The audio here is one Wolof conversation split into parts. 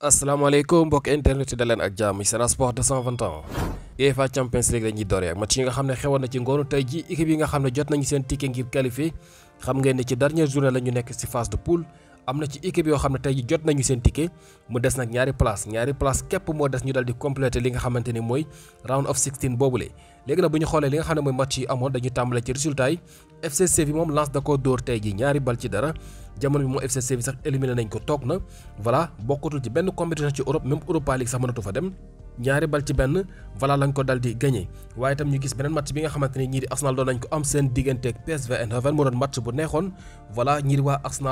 asalaamaaleykum mbokk internet yi daleen ak jàmm Sen Sport 221 UEFA Champions League dañuy dooree ak match yi nga xam ne xewoon na ci ngoonu tey ji équipe yi nga xam ne jot nañu seen ticket ngir qualifié xam ngeen ne ci dernière journée la ñu nekk ci phase poule am na ci équipe yoo xam ne tey ji jot nañu seen ticket mu des nag ñaari place ñaari place képp moo des ñu dal di complété li nga xamante ni mooy round of 16 boobule. léegi nag bu ñu xoolee li nga xam ne mooy match yi amoon dañu tàmbale ci résultat yi FC Séville moom Lens da koo dóor tey ji ñaari bal ci dara jamono bi moom FC Séville sax éliminé nañ ko toog na voilà bokkatul ci benn compétition ci Europe même Europa League sax mënatu fa dem. ñaari bal ci benn voilà lañ ko dal di gagné waaye itam ñu gis beneen match bi nga xamante ni ñii di Arsenal doon nañ ko am seen diggante ak PSV Eindhoven mu doon match bu neexoon voilà ñii di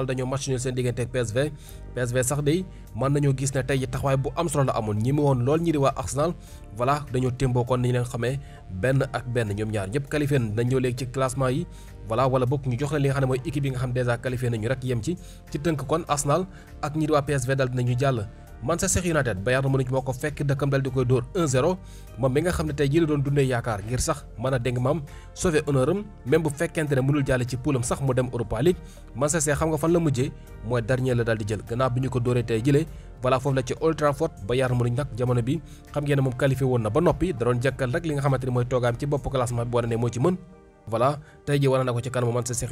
dañoo match ñu seen diggante ak sax day mën nañoo gis ne tey taxawaay bu am solo la amoon ñi mu woon lool ñii waa Arsenal voilà dañoo témboo kon ni ñu leen xamee benn ak benn ñoom ñaar ñëpp qualifié nañoo léegi ci classement yi voilà wala bokk ñu jox leen li nga xam ne mooy équipe yi nga xam dèjà qualifié nañu rek yem ci ci tënk kon Arsenal ak ñii di waa PSV dal dinañu jàll Manchester United Bayern Munich moo ko fekk dëkkam dal di koy dóor 1-0 moom mi nga xam ne tey jii la doon dundee yaakaar ngir sax mën a dégg maam sauver honneur am même bu fekkente ne mënul jàll ci poulam sax mu dem Europa League Manchester xam nga fan la mujjee mooy dernier la daal di jël gannaaw bi ñu ko dóoree tey jile voilà foofu la ci Old Trafford Bayern Munich nag jamono bi xam ngeen ne moom qualifié woon na ba noppi da doon jàkkal rek li nga xamante ni mooy toogaam ci bopp classement bi boo na ko ci kanamu Manchester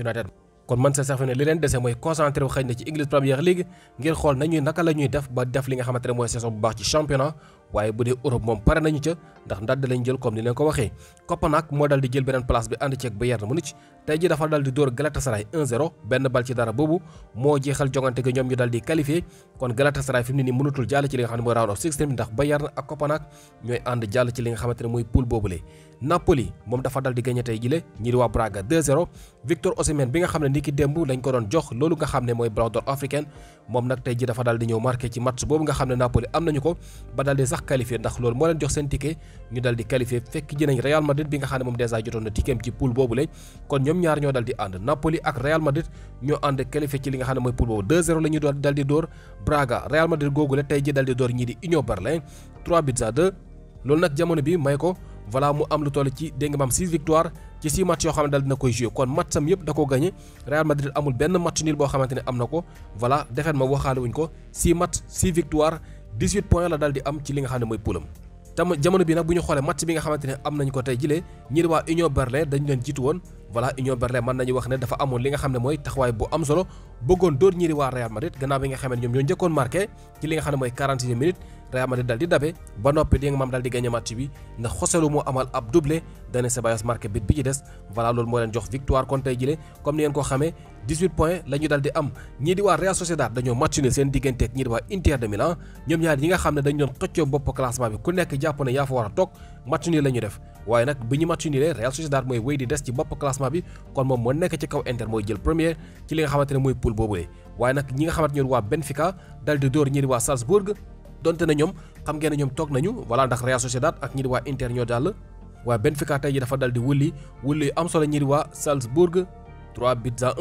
kon Manchester United li leen dese mooy concentré wu xëy na ci English Premier League ngir xool nañuy naka la ñuy def ba def li nga xamante ne mooy saison bu baax ci championnat waye bu dee Europe mom paré nañu ci ndax da lañ jël comme ni leen ko waxé Copenhague mo dal di jël benen place bi ci ak Bayern Munich tay ji dafa dal di door Galatasaray 1-0 benn bal ci dara bobu mo jéxal jonganté gi ñom ñu dal di qualifier kon Galatasaray fimni ni mënutul jall ci li nga xamné ne round of 16 ndax Bayern ak Copenhague ñoy and jall ci li nga xamanté moy pool bobu lé Napoli mom dafa dal di gagné ji lé ñi di wa Braga 2-0 Victor Osimhen bi nga xamné ne ni ki démb lañ ko doon jox lolu nga xamné moy mooy Ballon d'Or africaine moom nag tey ji dafa dal di ñew marqué ci match bobu nga xamné Napoli am nañu ko ba dal di sax baax ndax loolu moo leen jox seen ticket ñu dal di qualifié fekk ji nañ Real Madrid bi nga xam ne moom dèjà jotoon na ticketam ci poule boobu la kon ñoom ñaar ñoo dal ànd Napoli ak Real Madrid ñoo ànd qualifié ci li nga xam ne mooy poule boobu 2-0 la ñu dal Braga Real Madrid googu la tey ji dal di ñii di Union Berlin 3 buts à loolu nag jamono bi may ko voilà mu am lu toll ci dégg nga maam 6 victoire ci 6 match yoo xam ne dal dina koy joué kon match sam yëpp da ko gagné Real Madrid amul benn ne am na ko voilà defet ma ko 6 match 18 points la daal di am ci li nga xam ne mooy poulam tam jamono bi nag bu ñu xoolee match bi nga xamante ne am nañ ko tey jile ñi waa Union Berlin dañu leen jiitu woon voilà Union Berlin mën nañu wax ne dafa amoon li nga xam ne mooy taxawaay bu am solo bëggoon dóor ñi waa Real Madrid gannaaw bi nga xam ne ñoom ñoo njëkkoon marqué ci li nga xam ne mooy 46 minutes Real Madrid dal di dabé ba nopi di nga maam dal di gagné match bi ndax amal ab doublé Dani Ceballos marqué bit bi ci des voilà lool mo len jox victoire kon tey jilé comme ni ngeen ko xamé 18 points lañu dal di am ñi di wa Real Sociedad dañu match ni sen digënté ak ñi di wa Inter de Milan ñom ñaar yi nga xamné dañu dañ doon xëccoo bopp classement bi ku nekk jàpp ne fa wara tok match ni lañu def waye nak biñu match ni Real Sociedad moy wéy di des ci bopp classement bi kon mom mo nekk ci kaw Inter moy jël premier ci li nga xamanté moy mooy poule boobulee waaye ñi nga xamanté ñu wa Benfica dal di door ñi di wa Salzburg donte na ñoom xam ngeen ne ñoom toog nañu voilà ndax Real Sociedad ak ñi waa Inter ñoo jàll waa Benfica tey ji dafa dal di wulli wulli am solo ñi waa Salzburg 3 buts à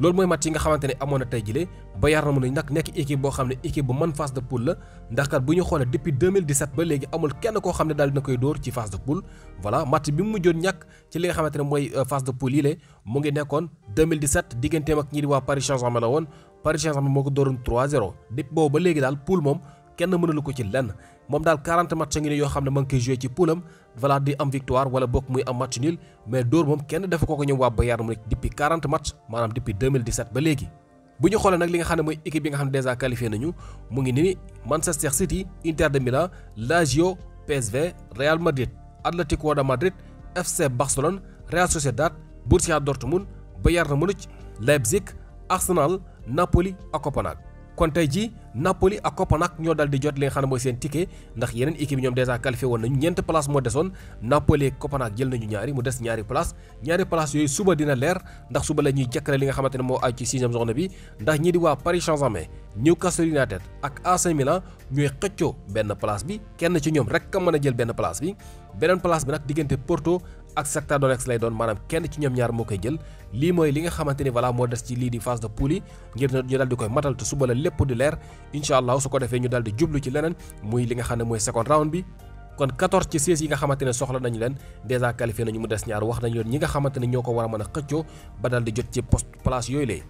loolu mooy match yi nga xamante ne amoon na tey jile Bayern na mënuñ nag nekk équipe boo xam ne équipe bu mën phase de poule la ndax kat bu ñu xoolee depuis 2017 ba léegi amul kenn koo xam ne daal dina koy dóor ci phase de poule voilà match bi mu mujjoon ñàkk ci li nga xamante ne mooy euh, phase de ngi nekkoon 2017 digganteem ak ñi di waa Paris Saint-Germain la woon Paris Saint-Germain moo ko dooroon 3 kenn mënalu ko ci lenn moom daal 40 match ngi ne yoo xam ne ma ngi koy joué ci poulam voilà di am victoire wala bokk muy am match nul mais dóor moom kenn dafa ko ko ñoom waa Bayern Munich depuis match maanaam depuis ba léegi bu ñu xoolee nag li nga xam ne mooy équipe bi nga xam ne dèjà qualifié nañu mu ngi ni Manchester City Inter de Milan Lazio PSV Real Madrid Atlético de Madrid FC Barcelone Real Sociedad Borussia Dortmund Bayern Munich Leipzig Arsenal kon tey ji Napoli ak Copenhague ñoo dal di jot li nga xam ne mooy seen ticket ndax yeneen équipe yi ñoom dèjà qualifié woon nañu ñeent place moo desoon Napoli ak Copenhague jël nañu ñaari mu des ñaari place ñaari place yooyu suba dina leer ndax suba la ñuy jëkkale li nga xamante ne moo aj ci sixième journée bi ndax ñii di waa Paris Saint-Germain Newcastle United ak AC Milan ñooy xëccoo benn place bi kenn ci ñoom rek ka mën a jël benn place bi beneen place bi nag diggante Porto ak Shakhtar Donetsk lay doon maanaam kenn ci ñoom ñaar moo koy jël lii mooy li nga xamante ni voilà moo des ci lii di phase de poule yi ngir ñu daal di koy matal te suba la lépp di leer incha allah su ko defee ñu daal di jublu ci leneen muy li nga xam ne mooy second round bi. kon 14 ci 16 yi nga xamante ne soxla nañu leen dèjà qualifié nañu mu des ñaar wax nañu leen ñi nga xamante ne ñoo ko war a mën a xëccoo ba daal di jot ci poste place yooyu lay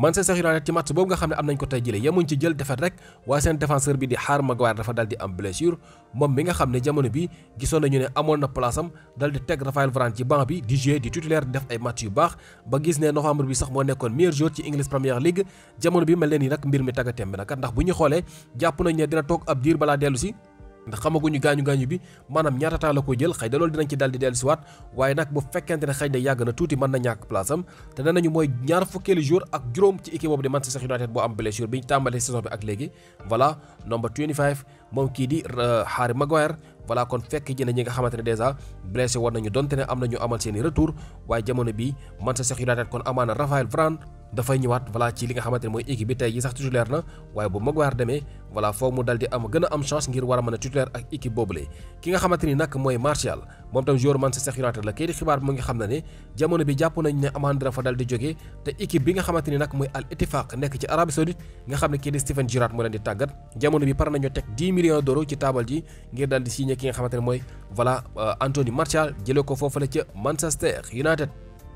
Manchester United ci match boobu nga xam ne am nañ ko tey jëlee yemuñ ci jël defet rek waaye seen défenseur bi di Harry Maguire dafa dal di am blessure moom mi nga xam ne jamono bi gisoon nañu ne amoon na place am dal di teg Raphael Varane ci banc bi di jouer di titulaire di def ay match yu baax ba gis ne novembre bi sax moo nekkoon meilleur joueur ci English Premier League jamono bi mel leen ni nag mbir mi taggatem bi nag ndax bu ñu xoolee jàpp nañ ne dina toog ab diir ndax xamaguñu gaañu gaañu bi maanaam ñaata la ko jël xëy da loolu dinañ ci daal di dellusiwaat waaye nag bu fekkente ne xëy na yàgg na tuuti mën na ñàkk place te nee mooy ñaar fukkeelu jour ak juróom ci équipe boobu di Manchester United boo am blessure bi ñu tàmbalee saison bi ak léegi voilà number 25 moom kii di euh, Harry Maguire voilà kon fekk ji ñi nga xamante ne dèjà blessé woon nañu donte ne am nañu amal seen retour waaye jamono dafay ñëwaat voilà ci li nga xamante ne mooy équipe bi tey ji sax titulaire na waaye bu Maguire demee voilà foo mu dal am gën a am chance ngir war a mën a titulaire ak équipe boobule ki nga xamante ni nag mooy Martial moom tam joueur Manchester United la kay di xibaar mu ngi xam ne ne jamono bi jàpp nañ ne Amanda dafa dal di te équipe bi nga xamante ni nag mooy Al Ettifaq nekk ci Arabie Saoudite nga xam ne kii di Steven Gerrard moo leen di tàggat jamono bi pare nañoo teg 10 millions d'euros ci taabal ji ngir dal di signé ki nga xamante ne mooy voilà euh, Anthony Martial jëlee ko foofale ca Manchester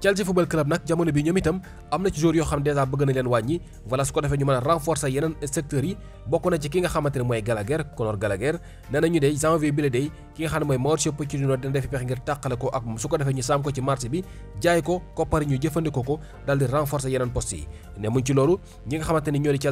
Chelsea football club nag jamono bi ñoom itam am na ci joueurs yoo xam dèjà bëgg nañ leen wàññi voilà su ko defee ñu mën a renforcer yeneen secteurs yi bokk na ci ki nga xamante mooy Gallagher Conor Gallagher nee nañu de janvier bi la day ki nga xam ne mooy Mauricio Pochettino dina def pexe ngir tàqale ko ak su ko defee ñu saam ko ci marché bi jaay ko koppari ñu jëfandikoo ko daal di yeneen postes yi ne muñ ci loolu ñi nga xamante ñoo di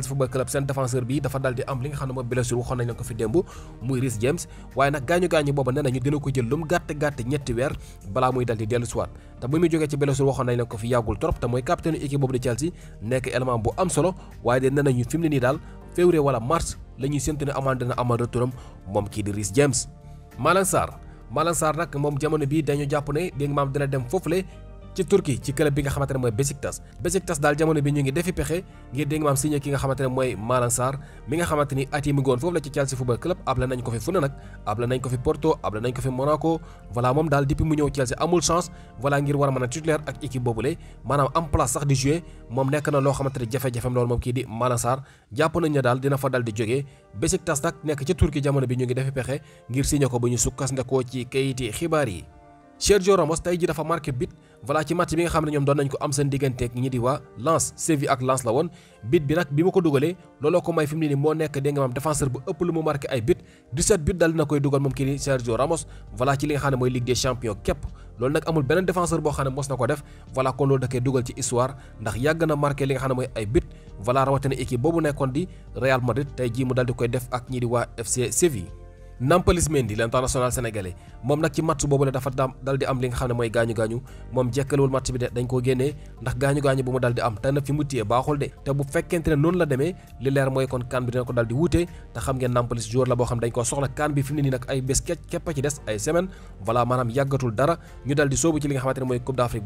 waxoon nañ leen ko fi yàggul trop te mooy capitaine équipe boobu de Chelsea nekk élément bu am solo waaye de nee nañu fi mu ne daal février wala mars la ñuy séntu ne amaan dina amal retouram moom kii di Reece James. Malang Sarr Malang Sarr nag moom jamono bii dañu jàpp ne dégg maam dina dem foofu foofule ci Turquie ci club bi nga xamante ne mooy Besiktas Besiktas daal jamono bi ñu ngi defi pexe ngir dégg maam signé nga xamante ne mooy Malang Sarr mi nga xamante ni at yi mu goon ko fi fu ne nag ko fi Porto abla moom daal depuis mu ñëw Chelsea amul chance voilà ngir war a mën a titulaire ak équipe boobule am place sax di jouer moom nekk na loo xamante ne jafe-jafem loolu moom kii di Malang jàpp nañ daal dina fa dal di jógee Besiktas nag nekk ci Turquie jamono bi ñu ngi defi pexe ngir signé ko bu ñu sukkandikoo ci kayiti xibaar yi Sergio Ramos tey ji dafa marqué bit voilà ci match bi nga xam ne ñoom doon nañ ko am seen diggante ak ñi di waa Lens Séville ak Lens la woon bit bi nag bi ma ko dugalee looloo ko may fi mu moo nekk dégg nga maam défenseur bu ëpp lu mu marqué ay bit 17 bit dal na koy dugal moom kii di Sergio Ramos voilà ci li nga xam ne mooy Ligue des Champions képp loolu nag amul beneen défenseur boo xam ne mos na ko def voilà kon loolu da koy dugal ci histoire ndax na marqué li nga xam ne mooy ay bit voilà rawatina équipe boobu di Real Madrid tey jii mu dal di koy def ak di waa FC Nampalys mendi l'international sénégalais mom nak ci match bobu la dafa dal di am li nga xamne moy gañu gañu mom jékkal wol match bi de dañ ko génnee ndax gañu gañu bu mu dal di am te fi mu baxul dé té bu fekkente ne la démé li lèr moy kon kan bi dina ko dal di wuute té xam ngeen Nampalys joueur la bo xam dañ ko soxla kan bi fimni ni nak ay bes ay képp ci dess ay semaine voilà manam yagatul dara ñu dal di sobu ci li nga xamanté moy Coupe d'Afrique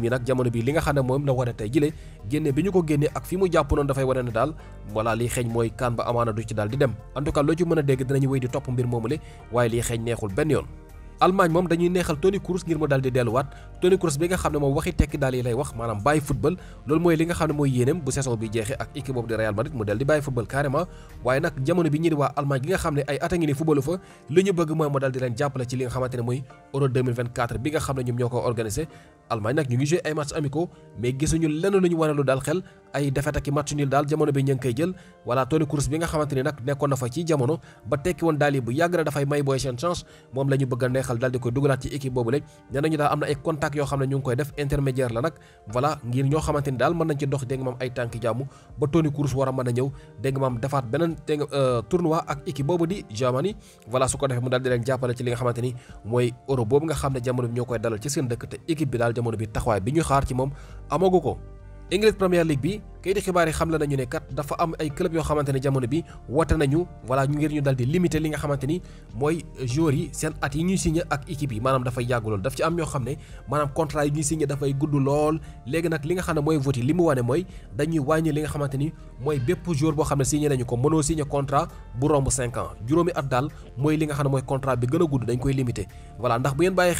mi nak jamono bi li nga xam mom la wone tay jilé biñu ko génnee ak fi mu japp non da fay wone dal voilà li xéñ moy kan ba amana du ci dal di dem en tout cas lo ci mëna dégg dinañu wéy di topp mbir moomule waaye liy xeeñ neexul benn yoon Allemagne moom dañuy neexal Toni Kroos ngir mu dal delluwaat Toni Kroos bi nga xam ne moom waxi tekki daal yi lay wax maanaam bàyyi football loolu mooy li nga xam ne mooy yéeneem bu saison bi jeexee ak équipe boobu di Real Madrid mu del di bàyyi football carrément waaye nag jamono bi ñu ngi joué ay matchs amicaux mais gisuñu lenn lu ñu wane daal xel ay défaite ak i match nul daal jamono bi ñu ngi koy jël voilà Toni Kroos bi nga xamante ni nekkoon na fa ci jamono ba tekki woon daal yi bu yàgg na dafay may booy yoo xam ne ñu ngi koy def intermédiaire la nag voilà ngir ñoo xamante ni daal mën nañ ci dox dégg nga maam ay tànk jàmm ba Toni Kroos war a mën a ñëw dégg nga maam defaat beneen dégg euh, ak équipe boobu di Germany voilà su ko defee mu daal di leen jàppale ci li nga xamante ni mooy euro boobu nga xam ne jamono bi ñoo koy dalal ci seen dëkk te équipe bi daal jamono bi taxawaay bi ñuy xaar ci moom amagu ko English Premier League bi kayit xibaar yi xam la nañu ne kat dafa am ay club yoo xamante ne jamono bi wote nañu voilà ñu ngir ñu dal di li nga xamante ni mooy joueurs yi seen at yi ñuy signé ak yi maanaam dafay yàgg daf ci am ñoo xam ne maanaam contrat yi ñuy signé dafay gudd lool léegi nag li ne mooy vote yi li mu wane mooy dañuy wàññi li nga xamante ni mooy bépp joueur boo xam ne signé nañu ko mënoo signé contrat bu romb 5 ans juróomi at daal mooy li nga xam ne mooy contrat bi gën a dañ koy limiter voilà ndax bu ngeen bàyyi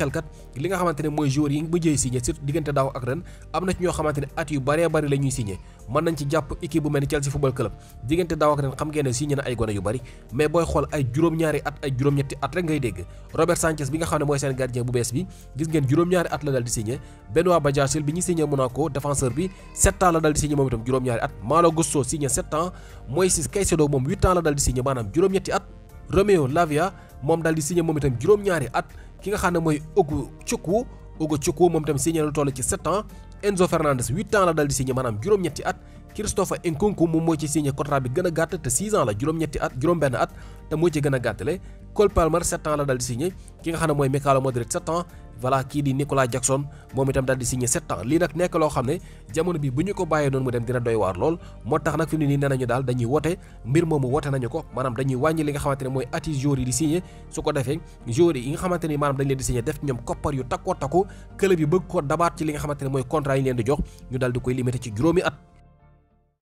li nga xamante ne mooy joueurs yi mujjee signé surtout diggante daaw ak ren am na ci ñoo xamante at yu baree bari la ñuy signé man nañ ci japp équipe bu mel Chelsea football club digënté daaw ak ren xam ngeen ne signé na ay gone yu bari mais boy xol ay juroom ñaari at ay juroom ñetti at rek ngay dégg Robert Sanchez bi nga xam moy sen gardien bu bees bi gis ngeen juroom ñaari at la dal di signé Benoît Badiashile bi ñi signé Monaco défenseur bi 7 ans la dal di signé moom itam juróom-ñaari at Malo Gusto signé 7 ans moy Moïse Caicedo mom 8 ans la dal di signé manam juroom ñetti at Romeo Lavia mom dal di signé moom itam juróom-ñaari at ki nga xam moy Ogu Chukwu Ogo Chukwu mom itam signé lu toll ci 7 ans Enzo Fernandez huit ans la dal di signé juróom-ñetti at Christopher Nkunku moom moo ci signé contrat bi gën gàtt te 6 la juróom-ñetti at juróom-benn at te moo ci gën a Cole Palmer 7 la dal di signé ki nga xam ne mooy Mikal Modric 7 ans kii di Nicolas Jackson moom itam daal di signé 7 ans nag nekk loo xam ne jamono bi bu ñu ko bàyyee noonu mu dem dina doy waar lool moo tax nag fi mu nii nee daal dañuy wote mbir moomu wote nañu ko maanaam dañuy wàññi li nga